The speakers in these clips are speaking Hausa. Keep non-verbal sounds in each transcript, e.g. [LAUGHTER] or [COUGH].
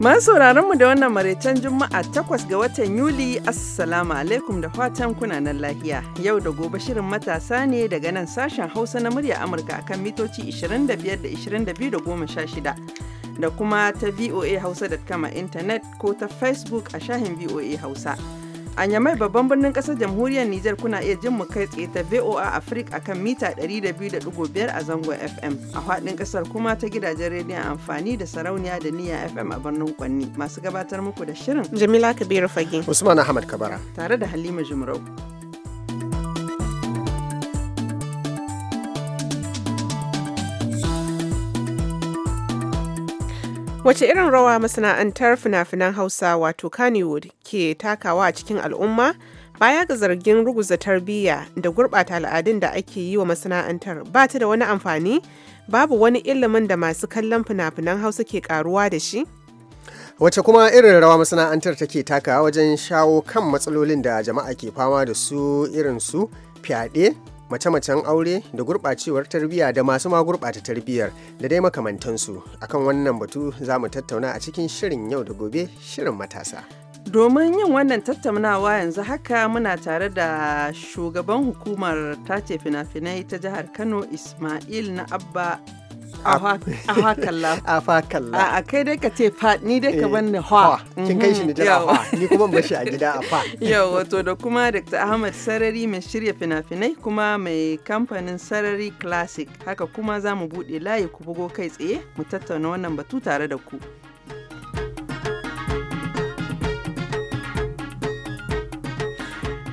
sauraron mu da wannan maraicen Juma'a takwas ga watan Yuli, Assalamu alaikum da fatan kuna nan lafiya. Yau da gobe shirin matasa ne daga nan sashen Hausa na murya Amurka akan mitoci 25 da 22 da 16 da kuma ta VOA hausa Hausa.com a intanet ko ta Facebook a shahin VOA Hausa. A Nyamai babban birnin ƙasar jamhuriyar Nijar kuna iya jin mu kai tsaye ta VOA Africa akan mita 200.5 a zangon FM. A faɗin ƙasar kuma ta gidajen rediyon amfani da sarauniya da niyya FM a birnin Kwanni. Masu gabatar muku da shirin. Jamila Kabiru Fage. Usman Ahmad Kabara. Tare da Halima Jumrau. Wace irin rawa masana'antar fina-finan Hausa wato Kannywood ke takawa a cikin al'umma baya ga zargin ruguza tarbiyya da gurɓata al'adun da ake yi wa masana'antar ba ta da wani amfani babu wani ilimin da masu kallon fina-finan Hausa ke karuwa da shi? Wace kuma irin rawa masana'antar take takawa wajen shawo kan matsalolin da jama'a ke fama da su irin su fyaɗe mace-macen aure da gurɓacewar tarbiyya da masu ma gurɓata tarbiyyar da dai makamantansu akan wannan batu za mu tattauna a cikin shirin yau da gobe shirin matasa domin yin wannan tattaunawa yanzu haka muna tare da shugaban hukumar tace fina-finai ta jihar kano ismail na abba Ahakalla. [LAUGHS] kalla. A kai dai ka ce fa ni dai ka eh, banni ha. Kin kai shi jira afa ni kuma ban shi a gida a fa. [LAUGHS] Yau wato da kuma Dr. Ahmad Sarari mai shirya fina-finai kuma mai kamfanin Sarari Classic haka kuma za mu buɗe layi ku bugo kai tsaye mu tattauna wannan batu tare da ku.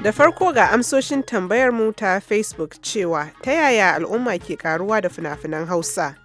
Da farko ga amsoshin tambayar mu ta Facebook cewa ta yaya al'umma ke karuwa da fina-finan Hausa.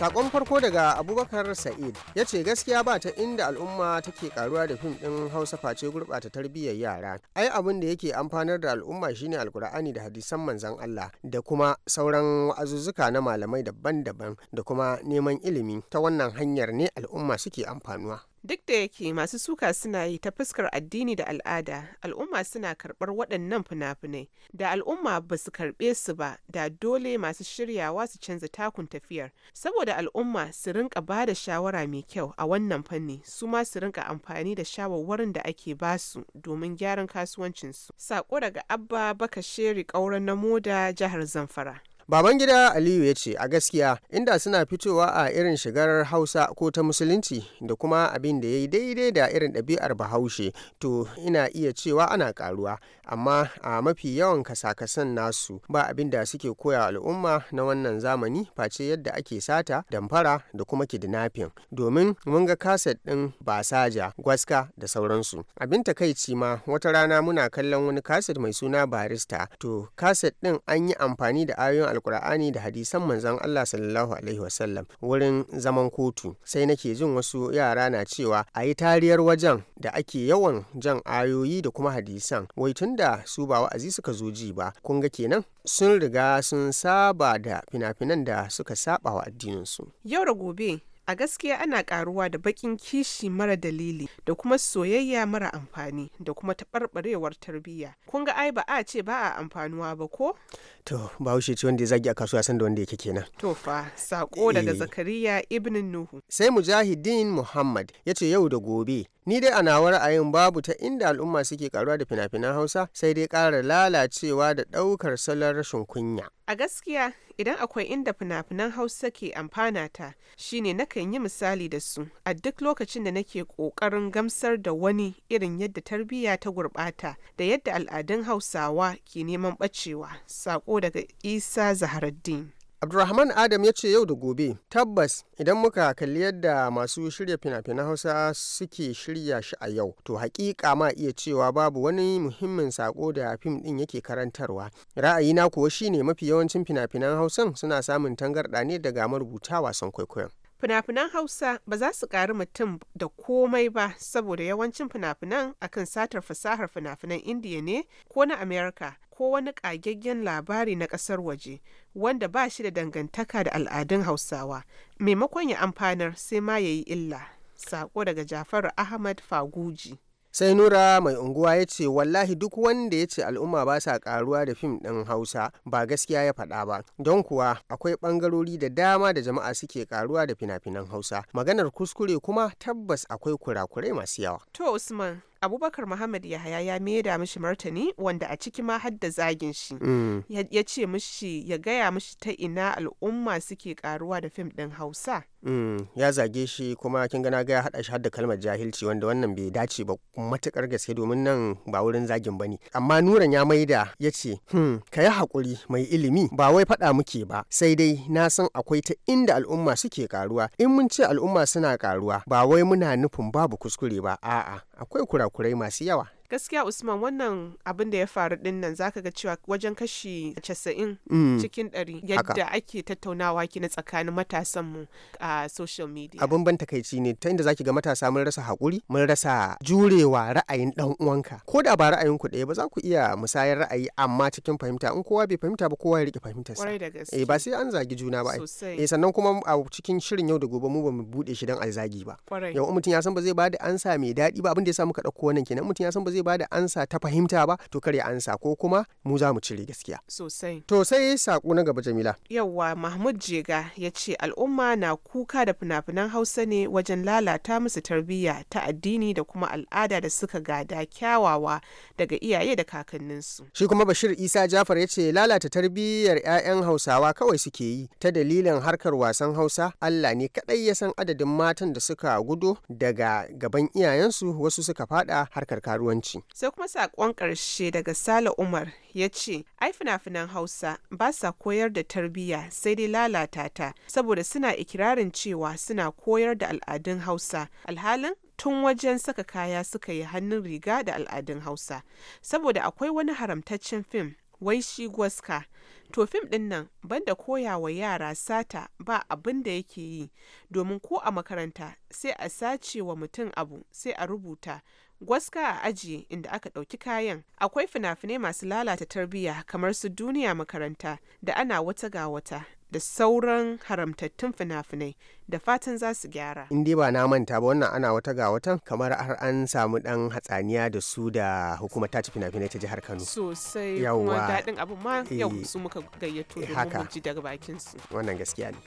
sakon farko daga abubakar sa'id ya ce gaskiya ba ta inda al'umma take karuwa da fim din hausa face gurɓata tarbiyyar yara ai abin da yake amfanar da al'umma shine alkur'ani da hadisan manzan allah da kuma sauran wa'azuzzuka na malamai daban-daban da kuma neman ilimi ta wannan hanyar ne al'umma suke amfanuwa Duk da yake masu suka suna yi ta fuskar addini da al'ada, al'umma suna karɓar waɗannan fina-finai. Da al'umma ba su karɓe su ba, da dole masu shiryawa su canza takun tafiyar. Saboda al'umma su rinka ba da shawara mai kyau a wannan fanni, su ma su rinka amfani da shawarwarin da ake ba su domin gyaran kasuwancinsu. Sako daga Abba Bakasheri Kaura na Moda, jihar Zamfara. Baban gida Aliyu ya ce a gaskiya inda suna fitowa a irin shigar Hausa ko ta Musulunci da kuma abin da ya yi daidai da irin ɗabi'ar Bahaushe to ina iya cewa ana karuwa amma a mafi yawan kasakasan nasu ba abin da suke koya al'umma na wannan zamani face yadda ake sata damfara da kuma kidnapping domin mun ga kaset ɗin basaja gwaska da sauransu abin takaici ma wata rana muna kallon wani kaset mai suna barista to kaset ɗin an yi amfani da ayoyin alkur'ani da hadisan manzon Allah sallallahu alaihi wasallam wurin zaman kotu sai nake jin wasu yara na cewa a yi tariyar wajen da ake yawan jan ayoyi da kuma hadisan wai tunda su ba wa'azi suka zo ji ba kun ga kenan sun riga sun saba da fina-finan da suka saba wa addininsu yau da gobe A gaskiya ana karuwa da bakin kishi mara dalili da kuma soyayya mara amfani da kuma taɓarɓarewar tarbiyya. Kun ga ai ba a ce ba a amfanuwa ba ko? To, ba wuce ce wanda ya zagi a kasuwa san da wanda yake kenan. To fa, sako daga eh. Zakariya Ibn Nuhu. Sai mujahidin Muhammad ya ce yau da gobe ni dai a nawa ra'ayin babu ta inda al'umma suke karuwa da fina-finan hausa sai dai ƙara lalacewa da ɗaukar salon rashin kunya a gaskiya idan akwai inda fina-finan hausa ke amfana ta shine nakan yi misali da su a duk lokacin da nake ƙoƙarin gamsar da wani irin yadda tarbiyya ta gurɓata da yadda al'adun hausawa ke neman ɓacewa sako daga isa zaharaddin Abdulrahman Adam ya ce yau da gobe tabbas idan muka kalli yadda masu shirya fina-finan Hausa suke shirya shi a yau to hakika ma iya cewa babu wani muhimmin sako da fim din yake karantarwa ra'ayina kuwa shine mafi yawancin fina-finan Hausan suna samun tangarɗa ne daga marubuta wasan kwaikwayon. Fina-finan Hausa ba za su ƙari mutum da komai ba saboda yawancin fina-finan kan satar fasahar fina-finan Indiya ne ko na Amerika ko wani ƙagaggen labari na ƙasar waje wanda ba shi da dangantaka da al'adun Hausawa. Maimakon ya amfanar sai ma ya yi illa. Sako daga Jafar Ahmad Faguji. sai nura mai unguwa ya ce wallahi duk wanda ya ce al'umma ba sa karuwa da fim ɗin hausa ba gaskiya ya faɗa ba don kuwa akwai ɓangarori da dama da jama'a suke karuwa da fina-finan hausa maganar kuskure kuma tabbas akwai kurakurai masu yawa to usman abubakar muhammad yahaya ya maida mishi martani wanda a ciki ma hadda zagin shi mm. ya ce mishi ya gaya mishi ta ina al'umma suke karuwa da fim ɗin hausa Mm, ya zage shi kuma kin gana ga ya haɗa shi da kalmar jahilci wanda wannan bai dace ba matukar gaske domin nan ba wurin zagin bane amma nuran ya maida ya ce hmm ka yi haƙuri mai ilimi ba wai faɗa muke ba sai dai na san akwai ta inda al'umma suke karuwa in mun ce al'umma suna karuwa ba wai muna nufin babu kuskure ba a'a akwai kurakurai masu yawa gaskiya usman wannan abin da ya faru din nan zaka ga cewa wajen kashi 90 mm. cikin 100 yadda ake tattaunawa ki na tsakanin matasan mu a social media abin ban takaici ne ta inda zaki ga matasa mun rasa hakuri mun rasa jurewa ra'ayin dan uwanka ko da ba ra'ayin ku ɗaya ba za ku iya musayar ra'ayi amma cikin fahimta in kowa bai fahimta ba kowa ya rike fahimtar sa eh ba sai an zagi juna ba eh sannan kuma a cikin shirin yau da gobe mu ba mu bude shi dan alzagi ba yau mutum ya san ba zai ba da ansa mai daɗi ba abin da ya sa muka ɗauko wannan kenan mutum ya san ba zai zai bada ansa ta fahimta ba to kare ansa ko kuma mu za mu cire gaskiya sosai to sai sako na gaba jamila yawwa mahmud jega ya ce al'umma na kuka da fina-finan hausa ne wajen lalata musu tarbiyya ta addini da kuma al'ada da suka gada kyawawa daga iyaye da kakanninsu shi kuma bashir isa jafar ya ce lalata tarbiyyar 'ya'yan hausawa kawai suke yi ta dalilin harkar wasan hausa allah ne kaɗai ya san adadin matan da suka gudu daga gaban iyayensu wasu suka fada harkar karuwanci Sai kuma saƙon ƙarshe daga Sale Umar ya ce, "Ai fina-finan Hausa ba sa koyar da tarbiyya sai dai lalata ta, saboda suna ikirarin cewa suna koyar da al'adun Hausa, alhalin tun wajen saka kaya suka yi hannun riga da al'adun Hausa, saboda akwai wani haramtaccen fim wai shi gwaska to fim ɗin nan banda koya wa yara sata ba abin da yake yi domin ko a makaranta sai a sace wa mutum abu sai a rubuta gwaska a aji inda aka ɗauki kayan akwai fina-finai masu lalata tarbiyya kamar su duniya makaranta da ana wata ga wata da sauran haramtattun fina-finai da fatan za su gyara. In dai ba na manta ba wannan ana wata ga watan kamar har an samu dan hatsaniya da su da hukumar ci fina-finai ta jihar Kano. Sosai kuma daɗin abu ma yau eh, su muka gayyato eh, domin ji daga bakin su. Wannan gaskiya ne.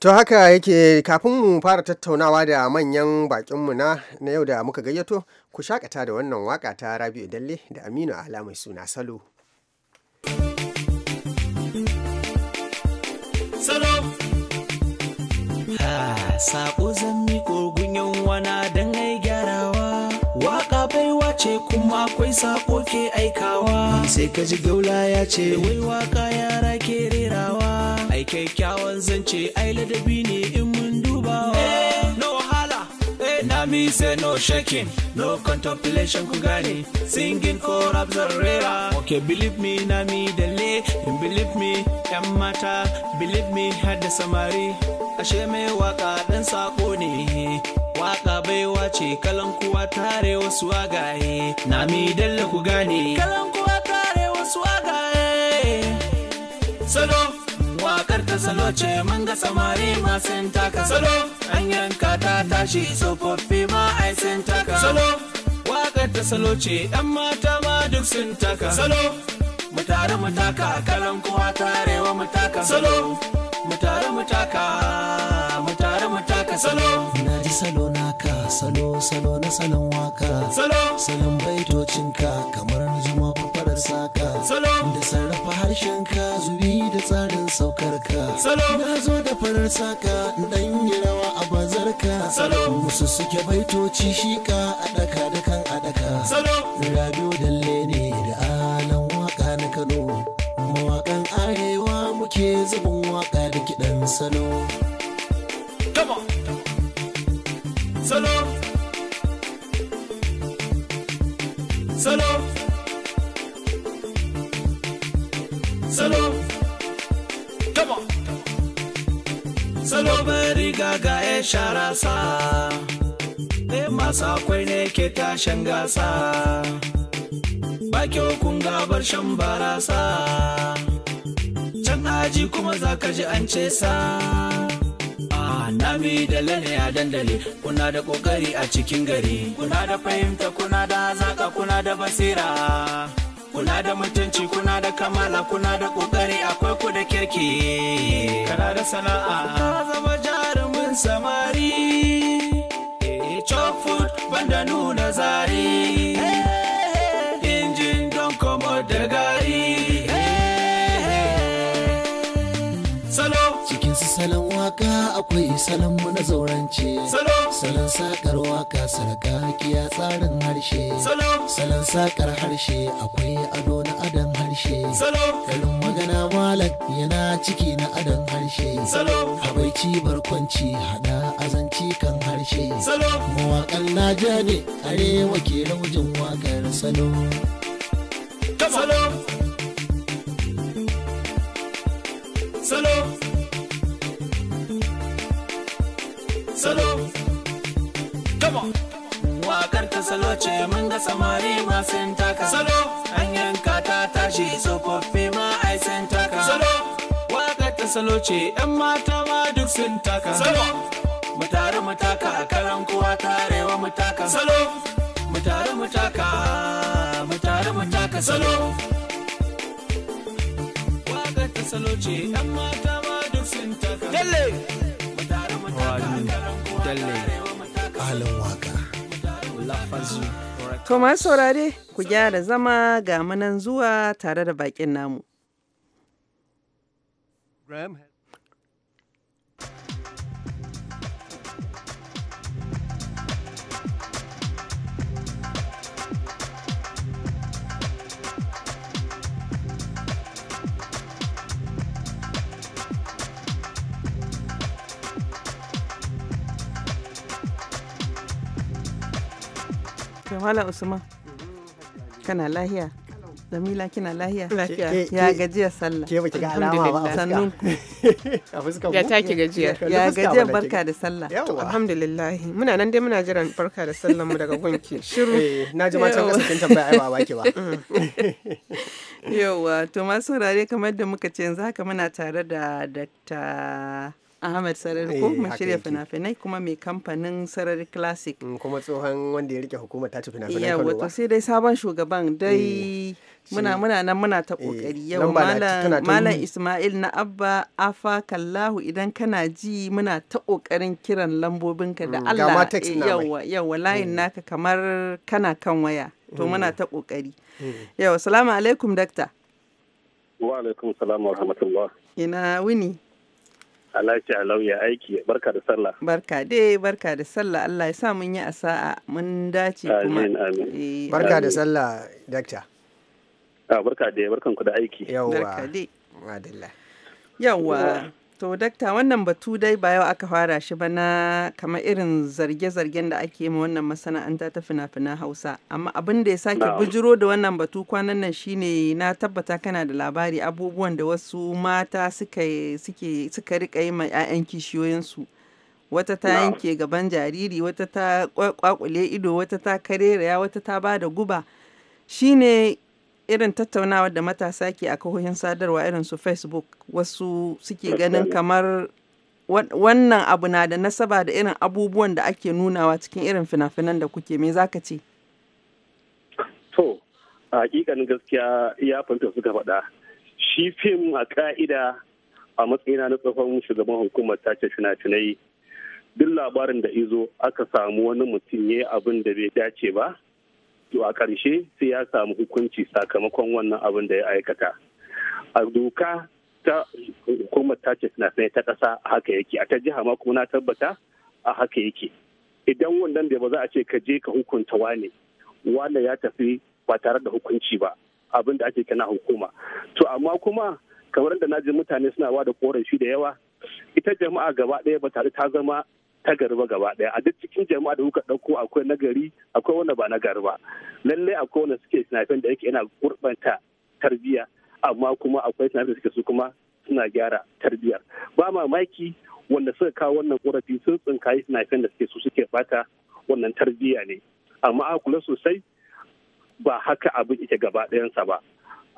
To haka yake kafin mu fara tattaunawa da manyan bakinmu na na yau da muka gayyato ku shakata da wannan waka ta Rabi'u Dalle da Aminu Ala mai suna Salo. Salo. Ha, sako zan miko gunyan wana don ai gyarawa. Waka baiwa ce kuma akwai sako ke aikawa. Sai ka ji gaula ya ce, wai waka yara ke kyakkyawan zance ai ladabi ne in mun duba eh, no wahala eh, na mi say no shaking no contemplation ku gane singing ko rap zan rera okay believe me na mi you believe me yan mata believe me had da samari ashe mai waka dan sako ne waka baiwa ce kalan kuwa tare wasu agaye na mi dalle ku gane kalan kuwa tare wasu agaye salo salo ce mun ga samari masu taka salo an yanka ta tashi tsofaffi ma ai sun taka salo wakar ta salo ce yan mata ma duk sun taka salo mu tare mu taka kalan kuwa tarewa mu taka salo mu tare mu taka mu tare mu taka salo na ji salo naka salo salo na salon waka salo salon ka, kamar zama farar saka salo da sarrafa ka zuwa saukar ka salo na zo da farar saka dan yi rawa a bazar ka salo musu suke baitoci shika a daka da kan a daka salo radio sharasa ne masu akwai ne ke tashin gasa baki hukun gabar shan barasa can haji kuma za ka ji an ce sa Nami da lane a dandali kuna da kokari a cikin gari kuna da fahimta kuna da zaka kuna da basira kuna da mutunci kuna da kamala kuna da kokari akwai ku da kirki kana da sana'a samari, eh, chop food banda nuna zari. salon waka akwai salon mu na zaurance salon sakar waka sarkakiya tsarin harshe salon sakar harshe akwai ado na adon harshe kalin magana malak yana ciki na adon harshe habaici barkwanci hada azanci kan harshe mawakan naja ne arewa ke raujin wakar salo Salo. Salo. salo on wakar ta salo ce mun ga samari ma sun taka salo hanyar yanka ta tashi tsofaffi ma ai sun taka salo wakar ta salo ce yan mata ma duk sun taka salo mu tare mu taka karan kowa tarewa mu taka salo mu tare mu taka mu tare mu taka salo wakar ta salo ce yan mata ma duk sun taka dalle Bello Alan Waka Lafazu To masu saurare ku gyara zama ga manan zuwa tare da bakin namu. to malam usman kana lahiya damila kina lahiya? Ya gajiyar sallah. Ke baki ga alama ba a Sannun ku. [LAUGHS] A fuskar Ya taki gajiyar. Ya gajiyar barka da sallah. Alhamdulillah. Muna nan dai muna jiran barka da sallah mu daga gunki. [LAUGHS] Shiru. Eh, na ji ma can kasa kin tambaya ai ba baki ba. [LAUGHS] Mm. Yawwa, to masu saurare kamar da muka ce yanzu haka muna tare da Dr. Ahmed Sarari ko eh, kuma shirya fina-finai kuma mai kamfanin Sarari Classic. Mm, kuma tsohon wanda ya rike hukumar ci fina-finai Kano. Yawa to sai dai sabon shugaban dai eh, muna muna nan muna ta kokari eh, yau malam Ismail na Abba Afa Kallahu idan kana ji muna ta kokarin kiran lambobinka da mm, Allah yawa yawa layin naka kamar kana kan waya to mm. muna ta kokari. Yawa salamu alaikum dakta. Wa alaikum salam wa rahmatullah. Ina wuni. Alhaji Alau ya aiki barka da sallah. Barka dai barka da sallah Allah ya sa mun yi a sa'a mun dace kuma. Amin amin. Eh, barka da sallah dakta. Ah barka dai barkan ku da aiki. Yawwa. Barka dai. Madalla. Yawwa. To, dakta wannan batu dai ba yau aka fara shi ba na kamar irin zarge-zargen da ake ma wannan masana'anta ta fina-finan Hausa. Amma abin da ya sake bujiro da wannan batu kwanan nan shine na tabbata kana da labari abubuwan da wasu mata suka riƙa rika yi ma 'ya'yan kishiyoyinsu. Wata ta yanke gaban jariri, wata ta kwakule ido, wata ta wata ta ba da guba. Shine irin tattaunawar da matasa ke a kahohin sadarwa irin su facebook wasu suke ganin kamar wannan abu na da nasaba da irin abubuwan da ake nunawa cikin irin fina-finan da kuke me zaka ce to a hakikanin gaskiya ya fahimta suka faɗa shi fim a ƙa'ida a matsayina na tsohon shugaban hukumar tace fina-finai duk labarin da izo aka samu wani mutum ya abin da bai dace ba to a ƙarshe sai ya samu hukunci sakamakon wannan abin da ya aikata a doka ta hukumar ta tace sinadarai ta ƙasa a haka yake a ta jiha ma kuma na tabbata a haka yake idan wannan da ba za a ce ka je ka hukunta wane wane ya tafi ba tare da hukunci ba abin da ake kana hukuma to amma kuma kamar da na ji mutane suna ba da korafi da yawa ita jama'a gaba ɗaya ba tare ta zama ta gari gaba daya a duk cikin jama'a da kuka dauko akwai nagari akwai wanda ba nagari ba lalle akwai wanda suke sinafin da yake yana gurbanta tarbiyya amma kuma akwai sinafin suke su kuma suna gyara tarbiyyar ba mamaki wanda suka kawo wannan korafi sun tsinkayi sinafin da suke su suke bata wannan tarbiyya ne amma a kula sosai ba haka abin ita gaba ɗayansa ba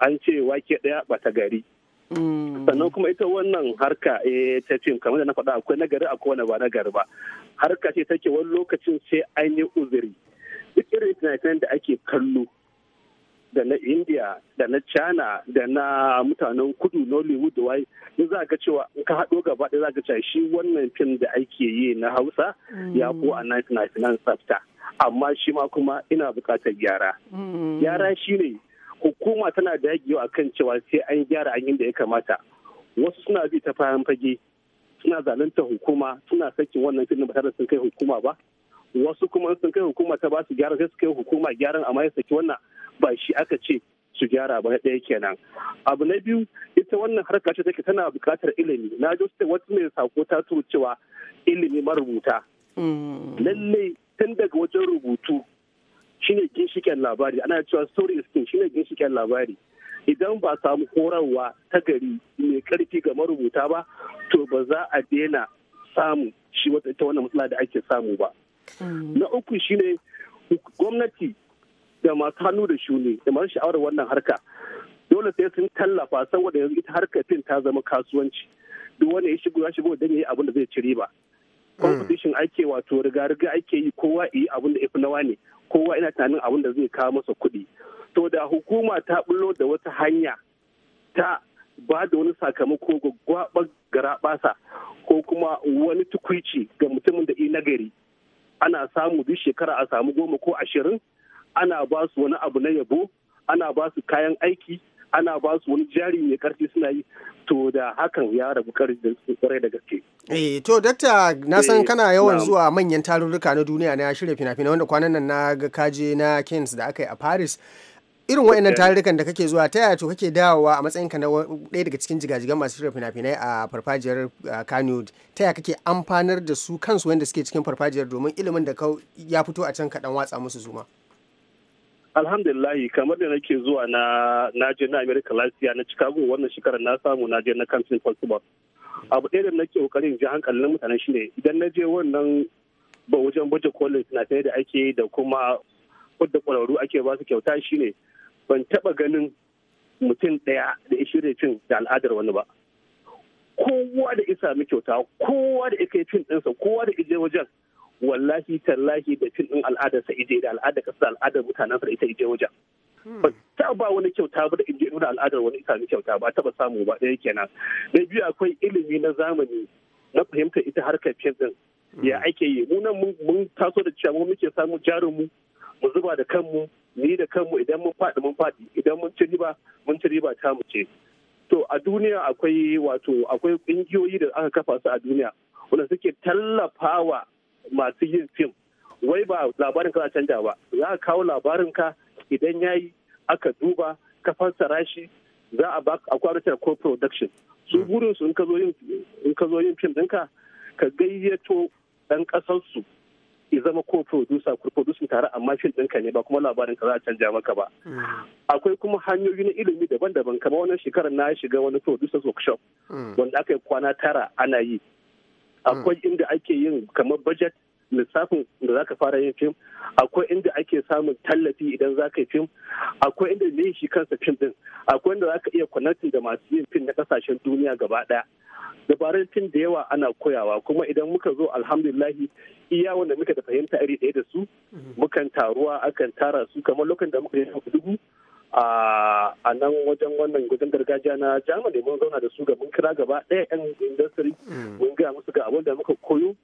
an ce wake ɗaya ba ta gari Mm. sannan kuma ita wannan harka eh, ta fim kamar da na faɗa akwai nagari a kowane ba nagari ba harka ce take wani lokacin sai an yi uzuri duk irin fina da ake kallo da na india da na china da na mutanen kudu nollywood da wai in za ga cewa in ka haɗo gaba ɗaya za ga cewa shi wannan fim da ake yi na hausa mm. ya ko a 1999 tsafta amma shi ma kuma ina buƙatar gyara mm. gyara shi ne hukuma tana da dagewa kan cewa sai an gyara an da ya kamata wasu suna bi ta fayan fage suna zalunta hukuma suna saki wannan filin ba tare sun kai hukuma ba wasu kuma sun kai hukuma ta ba su gyara sai su kai hukuma gyaran amma ya saki wannan ba shi aka ce su gyara ba ɗaya kenan abu na biyu ita wannan harka ce take tana buƙatar ilimi na ji wata mai sako ta turo cewa ilimi marubuta mm. lallai tun daga wajen rubutu shine ginshiken labari ana cewa story is king shine ginshiken labari idan ba samu horarwa ta gari mai karfi ga marubuta ba to ba za a daina samu shi wata ita wannan matsala da ake samu ba mm. na uku shine gwamnati da masu hannu da shuni da masu sha'awar wannan harka dole sai sun tallafa saboda yanzu ita harkar fin ta zama kasuwanci duk wanda ya shigo ya shigo dan yayi abin da zai ci riba mm. competition ake wato riga riga ake yi kowa yi abin da ifi nawa ne kowa ina tunanin abin da zai kawo masa kuɗi to da hukuma ta bullo da wata hanya ta ba da wani sakamako ga gwaɓar garaɓasa ko kuma wani tukwici ga mutumin da gari. ana samu duk shekara a samu goma ko ashirin ana ba su wani abu na yabo ana ba su kayan aiki ana ba su wani jari mai karfi suna yi to da hakan ya rabu karfi da su da gaske. Eh to dakta na san eh, kana yawan zuwa manyan tarurruka na duniya na shirya fina-finai wanda kwanan nan na ga kaje na Kings da aka yi a Paris. irin wa'annan tarurrukan da kake zuwa ta yaya to kake dawowa a matsayinka na ɗaya daga cikin jigajigan masu shirya fina-finai a farfajiyar kano ta yaya kake amfanar da su kansu wanda suke cikin farfajiyar domin ilimin da ya fito a can kaɗan watsa musu zuma alhamdulillahi kamar da nake zuwa na naje na america lafiya na chicago wannan shekarar na samu naje na kamfin festival abu ɗaya da nake kokarin ji hankalin mutane shine idan na je wannan ba wajen baje kolin sai da ake da kuma wadda kwararru ake ba su kyauta shine ban taba ganin mutum ɗaya da ya shirya cin da al'adar wani ba kowa da isa mu kyauta kowa da isa kai cin ɗinsa kowa da ije wajen wallahi tallahi da fim din al'adar sa ije da al'adar kasa al'adar mutanen sa ita ije wajen hmm. ba ta ba wani kyauta ba da ije nuna al'adar wani islami kyauta ba Ta ba samu ba ɗaya kenan na biyu akwai ilimi na zamani na fahimtar ita harkar fim din hmm. ya ake yi mu nan mun taso da cewa mu muke samu jarin mu mu zuba da kanmu ni da kanmu idan mun faɗi mun faɗi idan mun ci riba mun ci riba ta mu ce to a duniya akwai wato akwai ƙungiyoyi da aka kafa su a duniya wanda suke tallafawa masu yin fim wai ba labarin ka canja ba za a kawo labarin ka idan ya yi aka duba ka fassara shi za a ba a kwamitar ko production su hmm. burin su in ka zo yin fim ɗinka ka gayyato ɗan ƙasarsu i zama ko producer ko producer tare amma fim ɗinka ne ba kuma labarin ka za a canja maka ba hmm. akwai kuma hanyoyi na ilimi daban-daban kamar wannan shekarar na shiga wani producer workshop hmm. wanda aka yi kwana tara ana yi akwai hmm. inda ake yin kamar budget lissafin da zaka fara yin fim akwai inda ake samun tallafi idan zaka yi fim akwai inda ne shi kansa fim din akwai inda zaka iya connecting da masu yin fim na kasashen duniya gaba daya dabarun fim da yawa ana koyawa kuma idan muka zo alhamdulillahi iya wanda muka da fahimta iri ɗaya da su hmm. mukan taruwa akan tara su kamar lokacin da muka yi dubu a nan wajen wannan gudun gargajiya na jamani mun zauna da su ga mun kira gaba ɗaya yan industry mm. mun gaya musu ga abin da muka koyo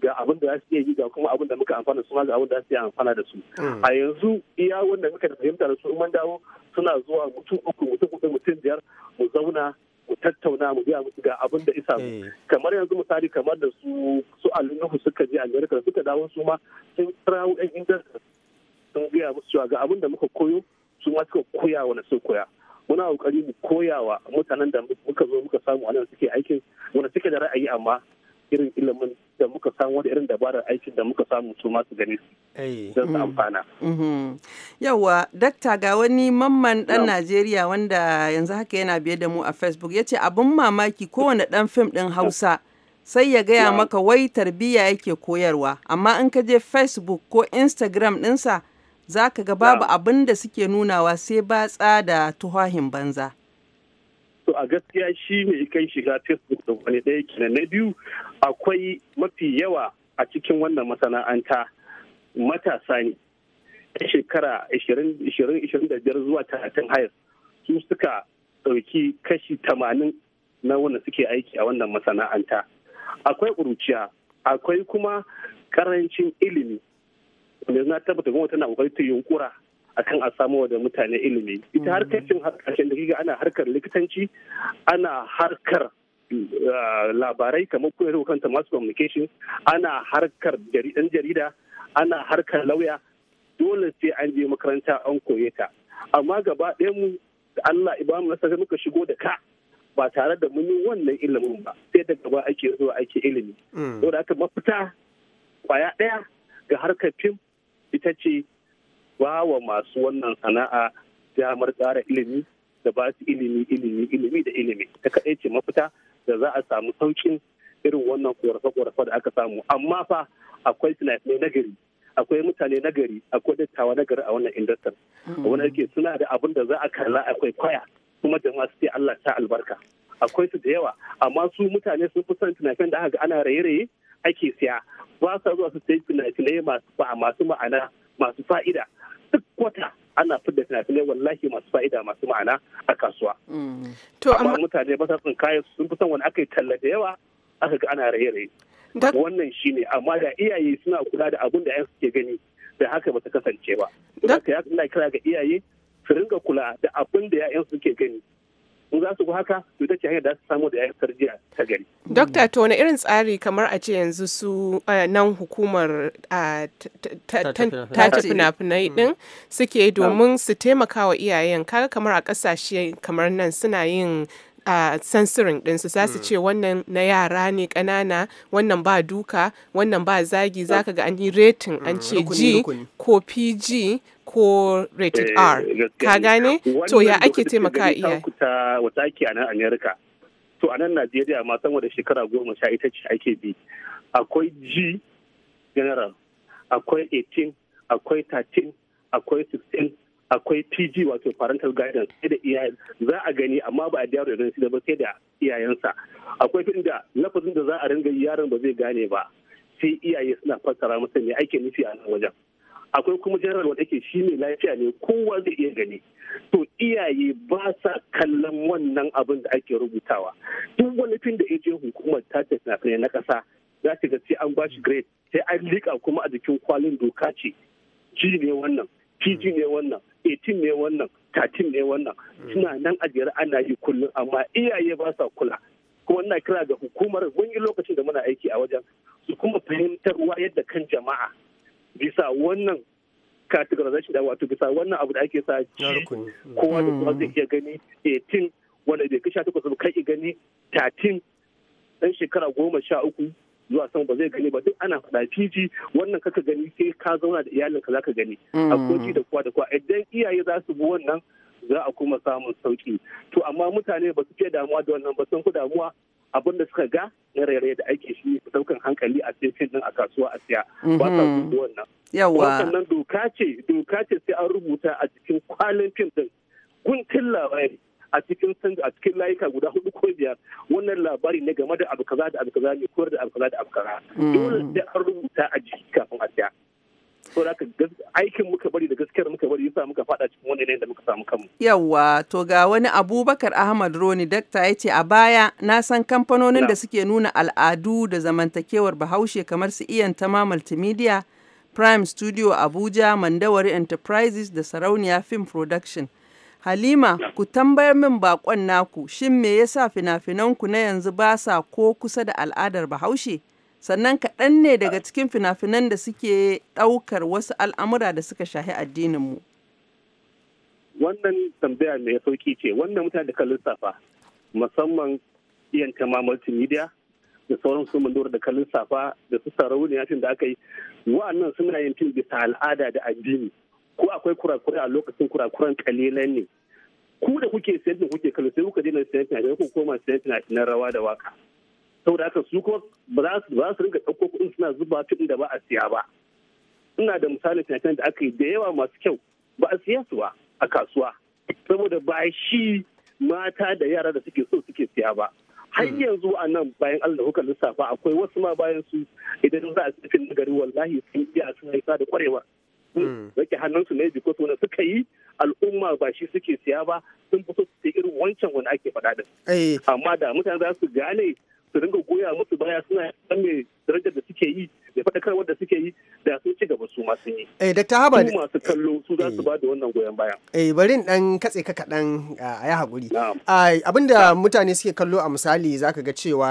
ga abin da za su iya yi ga kuma abin da muka amfana su ma ga abin da za su iya amfana da su mm. a yanzu iya wanda muka fahimta da su in mun dawo suna zuwa mutum uku mutum uku mutum biyar mu zauna mu tattauna mu biya musu ga abin da isa eh. kamar yanzu misali kamar da su su alunuhu suka je america suka dawo su ma sun kira yan industry sun gaya musu ga abin da muka koyo su ma suka koya wani su koya muna kokari mu koya wa mutanen da muka zo muka samu a nan suke aikin wanda suke da ra'ayi amma irin ilimin da muka samu da irin dabarar aikin da muka samu su masu gani don su amfana. Mm-hmm. Yawwa, dakta ga wani mamman ɗan Najeriya wanda yanzu haka yana biye da mu a Facebook ya ce abin mamaki kowane ɗan fim ɗin Hausa sai ya gaya maka wai tarbiyya yake koyarwa, amma in ka je Facebook ko Instagram ɗinsa za ka ga babu abin da suke nunawa sai batsa da tuhahin banza. To a gaskiya shi ne kan shiga Facebook da wani ɗaya kenan na biyu akwai mafi yawa a cikin wannan masana'anta matasa ne shekara 20-25 zuwa 30 hayar su suka ɗauki kashi 80 na wanda suke aiki a wannan masana'anta. Akwai ƙuruciya, akwai kuma ƙarancin ilimi. wanda na tabbata gwamnati tana kokari ta yunkura akan a samu da mutane ilimi ita mm-hmm. harkar cin da kiga ana harkar likitanci ana harkar uh, labarai kamar kuma da kanta mass communication ana harkar jaridan jarida ana harkar lauya dole sai an je makaranta an koye ta amma gaba ɗaya mu Allah ibamu nasa muka shigo da ka ba tare da mun yi wannan ilimin ba sai da gaba ake zuwa ake ilimi mm. saboda haka mafita kwaya ɗaya ga harkar fim ita ce ba wa masu wannan sana'a damar tsara ilimi da ba su ilimi ilimi ilimi da ilimi ta kaɗai ce mafita da za a samu saukin irin wannan korafe-korafe da aka samu amma fa akwai fina nagari akwai mutane nagari akwai dattawa nagari a wannan indastar mm-hmm. wani ake suna da abin da za a kalla akwai kwaya kuma da su ce Allah ta albarka akwai su da yawa amma su mutane sun fi son fina da aka ga ana raye-raye ake siya ba sa zuwa su sayi fina-finai masu ma'ana masu fa'ida duk wata ana fidda fina-finai wallahi masu fa'ida masu ma'ana a kasuwa. Mm. To amma mutane ba sa sun kayan sun fi son wani aka yi talla da yawa aka ga ana raye-raye. Wannan shine amma da iyaye suna kula da abun da 'yan suke gani da haka ba ta kasance ba. Haka ya kira ga iyaye su ringa kula da abin da 'ya'yan suke gani in za su bi haka to ita ce hanyar da su samu da yayin tarbiyya ta gari. Dokta to wani irin tsari kamar a ce yanzu su nan hukumar tace fina-finai mm. din suke domin su taimaka wa iyayen kaga kamar a kasashe kamar nan suna yin a sensoring ɗinsu za su mm. ce wannan na yara ne ƙanana wannan ba duka wannan ba zagi zaka ga an yi rating an mm. ce g ko pg ko rated eh, r ka gane to ya ake taimaka iya wata ake a nan to a nan najeriya ma sama da shekara goma sha ita ce ake bi akwai g general akwai 18 akwai 13 akwai 16 akwai PG wato parental guidance sai da iyayen za a gani amma ba a yaro da shi ba sai da iyayensa akwai fidin da lafazin da za a ringa yaron ba zai gane ba sai iyaye suna fassara masa me ake nufi a nan wajen akwai kuma general wanda ke shi ne lafiya ne kowa zai iya gani to iyaye ba sa kallon wannan abin da ake rubutawa duk wani fin da je hukumar ta ta na ƙasa za ta ga sai an bashi grade sai an liƙa kuma a jikin kwalin doka ce ji ne wannan kiji ne wannan 18 ne wannan 13 ne wannan suna nan a jere ana yi kullum amma iyaye ba sa kula kuma ina kira ga hukumar wani lokacin da muna aiki a wajen su kuma fahimtarwa yadda kan jama'a bisa wannan categorization da wato bisa wannan abu da ake sa mm. kowa da kuma zai mm. iya gani 18 wanda bai kai 18 ba kai gani 13 dan shekara goma sha uku zuwa sama ba zai gani ba duk ana faɗa fiji wannan kaka gani sai ka zauna da iyalinka zaka gani a mm. koci da kuwa da kuwa idan iyaye za su bi wannan za a kuma samun sauki to amma mutane ba su fiye damuwa da wannan ba sun fi damuwa abin da suka ga na rairaye da ake shi daukan hankali a sai din a kasuwa a siya ba sa mm-hmm. gudu wannan yawa wannan doka ce doka ce sai an rubuta a cikin kwalin fim din guntun labari a cikin a cikin layuka guda hudu ko biyar wannan labari ne game da abu kaza da abu kaza ne koyar da abu kaza da abu kaza mm. dole sai an rubuta a jiki kafin a siya so da aikin muka bari da gaskiyar muka bari yasa muka fada cikin wani yanayin da muka samu kanmu. Yawwa to ga wani Abubakar Ahmad Roni dakta ya ce a baya na san kamfanonin da suke nuna al'adu da zamantakewar Bahaushe kamar su iyan tama multimedia, Prime Studio Abuja, Mandawari Enterprises da Sarauniya Film Production. Halima, ku tambayar min bakon naku, shin me yasa fina-finanku na yanzu ba sa ko kusa da al'adar Bahaushe? Sannan kaɗan ne daga cikin fina-finan da suke ɗaukar wasu al'amura da suka shahi addininmu. Wannan tambaya mai sauki ce, wannan mutane da ka lissafa, musamman iyan ma multimedia da sauran su da kan lissafa da su sarauniya da aka yi, wa'annan suna yin fim bisa al'ada da addini. ko akwai kurakure a lokacin kurakuran kalilan ne ku da kuke sayan kuke kallo sai kuka daina sayan fina ku koma sayan na rawa da waka saboda haka su kuma ba za su rinka ɗauko kuɗin suna zuba su da ba a siya ba ina da misalin fina da aka yi da yawa masu kyau ba a siya su ba a kasuwa saboda ba shi mata da yara da suke so suke siya ba har hmm. yanzu a nan bayan Allah kuka lissafa akwai wasu ma bayan su idan za a cikin gari wallahi sun iya suna isa da kwarewa hannun su mm. ne biko wani suka yi al'umma ba shi suke siya ba sun fi so su irin wancan wani ake faɗa din eh. amma da mutane za su gane su dinga goya musu baya suna san mai darajar da suke yi da faɗakarwar da suke yi da sun ci gaba su ma yi. Eh Dr. Su masu kallo su za su eh. ba da wannan goyon baya. Eh bari dan katse ka kaɗan a ya haƙuri. Abinda mutane suke kallo a misali zaka ga cewa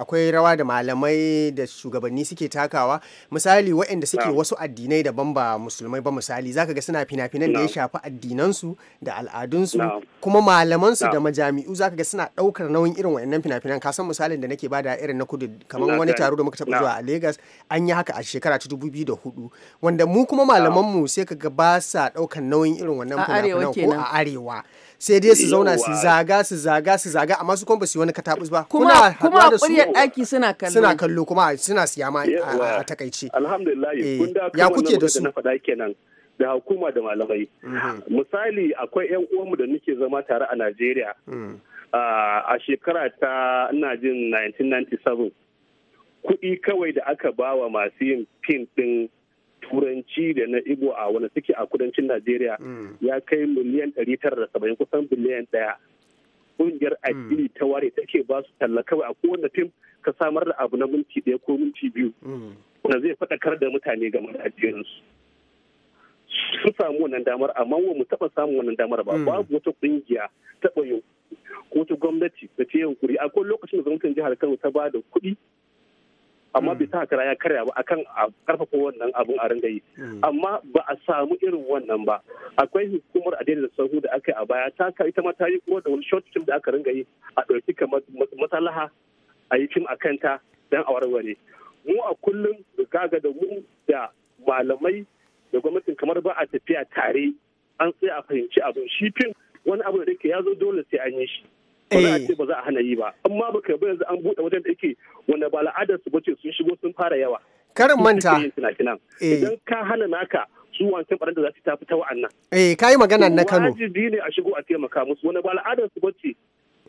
akwai rawa da malamai da shugabanni suke takawa misali waɗanda suke wasu addinai daban ba musulmai ba misali zaka ga suna fina-finan da ya shafi addinansu da al'adunsu kuma malamansu da majami'u zaka ga suna ɗaukar nauyin irin waɗannan fina-finan ka san misalin da nake bada irin na kudu kamar wani taro da muka taɓa zuwa a Legas an yi haka a shekara ta dubu biyu da hudu wanda mu kuma malamanmu sai kaga ba sa ɗaukan nauyin irin wannan fina-finan ko a arewa sai dai su zauna su zaga su zaga su zaga amma su kuma su yi wani katabus ba kuma kuma kuriyar daki suna kallo suna kallo kuma suna siya ma a takaice alhamdulillah eh, kun da ya kuke da su faɗa kenan da hukuma da malamai mhm. misali akwai yan uwanmu da nake zama tare a Najeriya mm. ah, a shekara ta ina jin 1997 kuɗi kawai da aka ba wa masu yin fim ɗin turanci da na igbo a wani suke a kudancin najeriya mm. ya kai miliyan ɗari tara da saba'in kusan biliyan ɗaya ƙungiyar mm. addini ta ware take ba su talla kawai a kowane fim ka samar da abu na minti ɗaya ko minti biyu mm. wanda zai faɗakar da mutane game da addininsu su samu wannan damar amma wa mu taɓa samun wannan damar ba babu wata ƙungiya taɓa yau ko ta gwamnati da ta yi hankuri akwai lokacin da gwamnatin jihar kano ta ba da kuɗi amma mm. bai ta kara ya karya ba akan a karfafa wannan abun a ringa yi mm. amma ba a samu irin wannan ba akwai hukumar addini da sahu da aka yi a baya ta ita ma ta yi kuma da wani short film da aka ringa yi a ɗauki kamar matsalaha a yi fim a kanta don a warware mu a kullum da gaga da mu da malamai da gwamnatin kamar ba a tafiya tare an tsaya a fahimci abin shi fim wani abu da ke ya zo dole sai an yi shi ba eh. a ce ba za a hana yi ba amma ba ka yanzu an buɗe wajen da yake wanda ba al'adar su bace sun shigo sun fara yawa karin manta eh. idan ka hana naka su wancan barin da za su fita ta wa'annan eh kayi magana na Kano wajibi ne a shigo a taimaka musu wanda ba al'adar su bace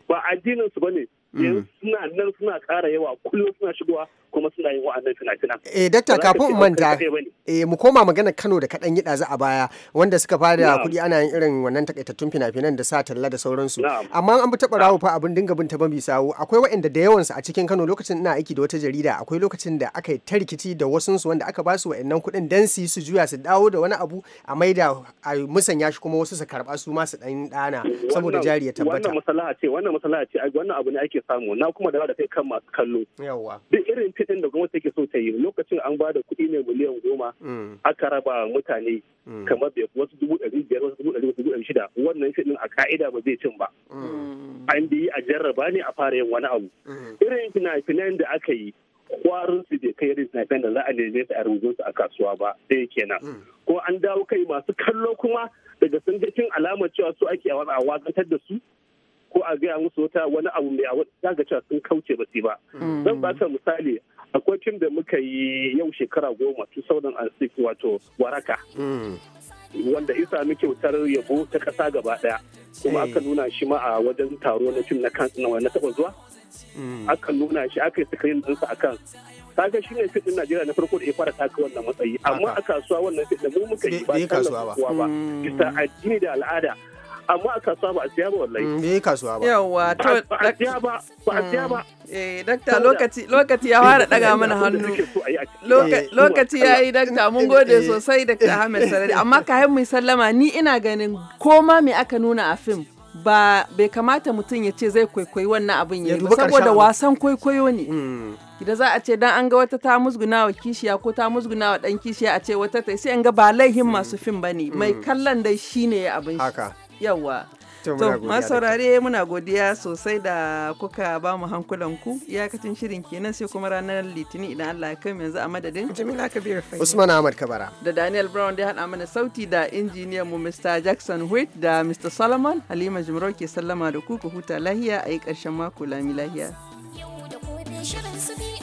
ba addinin su bane mm. yanzu suna nan suna kara yawa kullum suna shigowa kuma suna yin wa'annan fina-finan. Eh, dakta kafin in manta, eh, mu koma magana Kano da kaɗan yiɗa za a baya wanda suka fada kuɗi ana yin irin wannan takaitattun fina-finan da sa talla da sauransu. Amma an bi taɓa rawu fa abin dinga bin ta ban bisawo akwai waɗanda da yawansu a cikin Kano lokacin ina aiki da wata jarida akwai lokacin da aka yi ta rikici da wasunsu wanda aka ba su waɗannan kuɗin dan su su juya su dawo da wani abu a maida a musanya shi kuma wasu su karɓa su ma su ɗan ɗana saboda jari ya tabbata. Wannan masalaha ce wannan masalaha ce wannan abu ne ake samu na kuma da da kai kan masu kallo. Yawwa. Duk irin ɗin da gwamnati ke so ta yi lokacin an ba da kuɗi ne miliyan goma mm. aka raba mutane mm. kamar da wasu dubu ɗari biyar wasu dubu ɗari wasu dubu ɗari shida wannan shi ɗin a ka'ida ba zai cin ba mm. an bi a jarraba ne a fara yin wani abu irin fina finai da aka yi kwarin su bai kai irin fina finai da za a neme su a su a kasuwa ba sai kenan ko an dawo kai masu kallo kuma daga sun ga cin alamar cewa su ake a wakantar da su ko a gaya musu wata wani abu mai a wata cewa sun kauce ba ba. Zan ba misali akwai fim da muka yi yau shekara goma tun 2006 wato waraka hmm. wanda isa mu kyautar yabo ta ƙasa gaba daya kuma eh. aka nuna shi ma a wajen taro na fim na na taɓa zuwa hmm. aka nuna shi aka yi sikirin dinsa a kan kaga shi ne fitin Najeriya na farko da ya fara taka wannan matsayi amma a kasuwa wannan fitin mu muka yi ba kallon kowa ba hmm. bisa addini da al'ada amma a kasuwa ba a siya ba wallahi me mm, kasuwa ba yawa to ba a siya ba ba a siya ba mm, Eh, dakta lokaci lokaci ya fara daga [LAUGHS] mana hannu. Eh, lokaci ya yi dakta mun gode eh. sosai dakta Ahmed Sarari amma ka mai sallama ni ina ganin koma me aka nuna a fim ba bai kamata mutum ya ce zai kwaikwayi wannan abin ya yi saboda wasan kwaikwayo ne. Mm. Idan za a ce dan an ga wata ta musguna wa kishiya ko ta musguna wa dan kishiya a ce wata ta sai an ga ba laihin masu fim bane mai kallon dai shine ya abin shi. yawa to masaurare muna godiya sosai da kuka ba mu hankulanku iyakacin shirin kenan sai kuma ranar litinin idan Allah ya kai yanzu a madadin Jamila Kabir Usman Ahmad Kabara da Daniel Brown ya hada mana sauti da injiniyan mu Mr Jackson Whit da Mr Solomon Halima Jimro ke sallama da ku ku huta lahiya a yi karshen mako lami lahiya yau da shirin su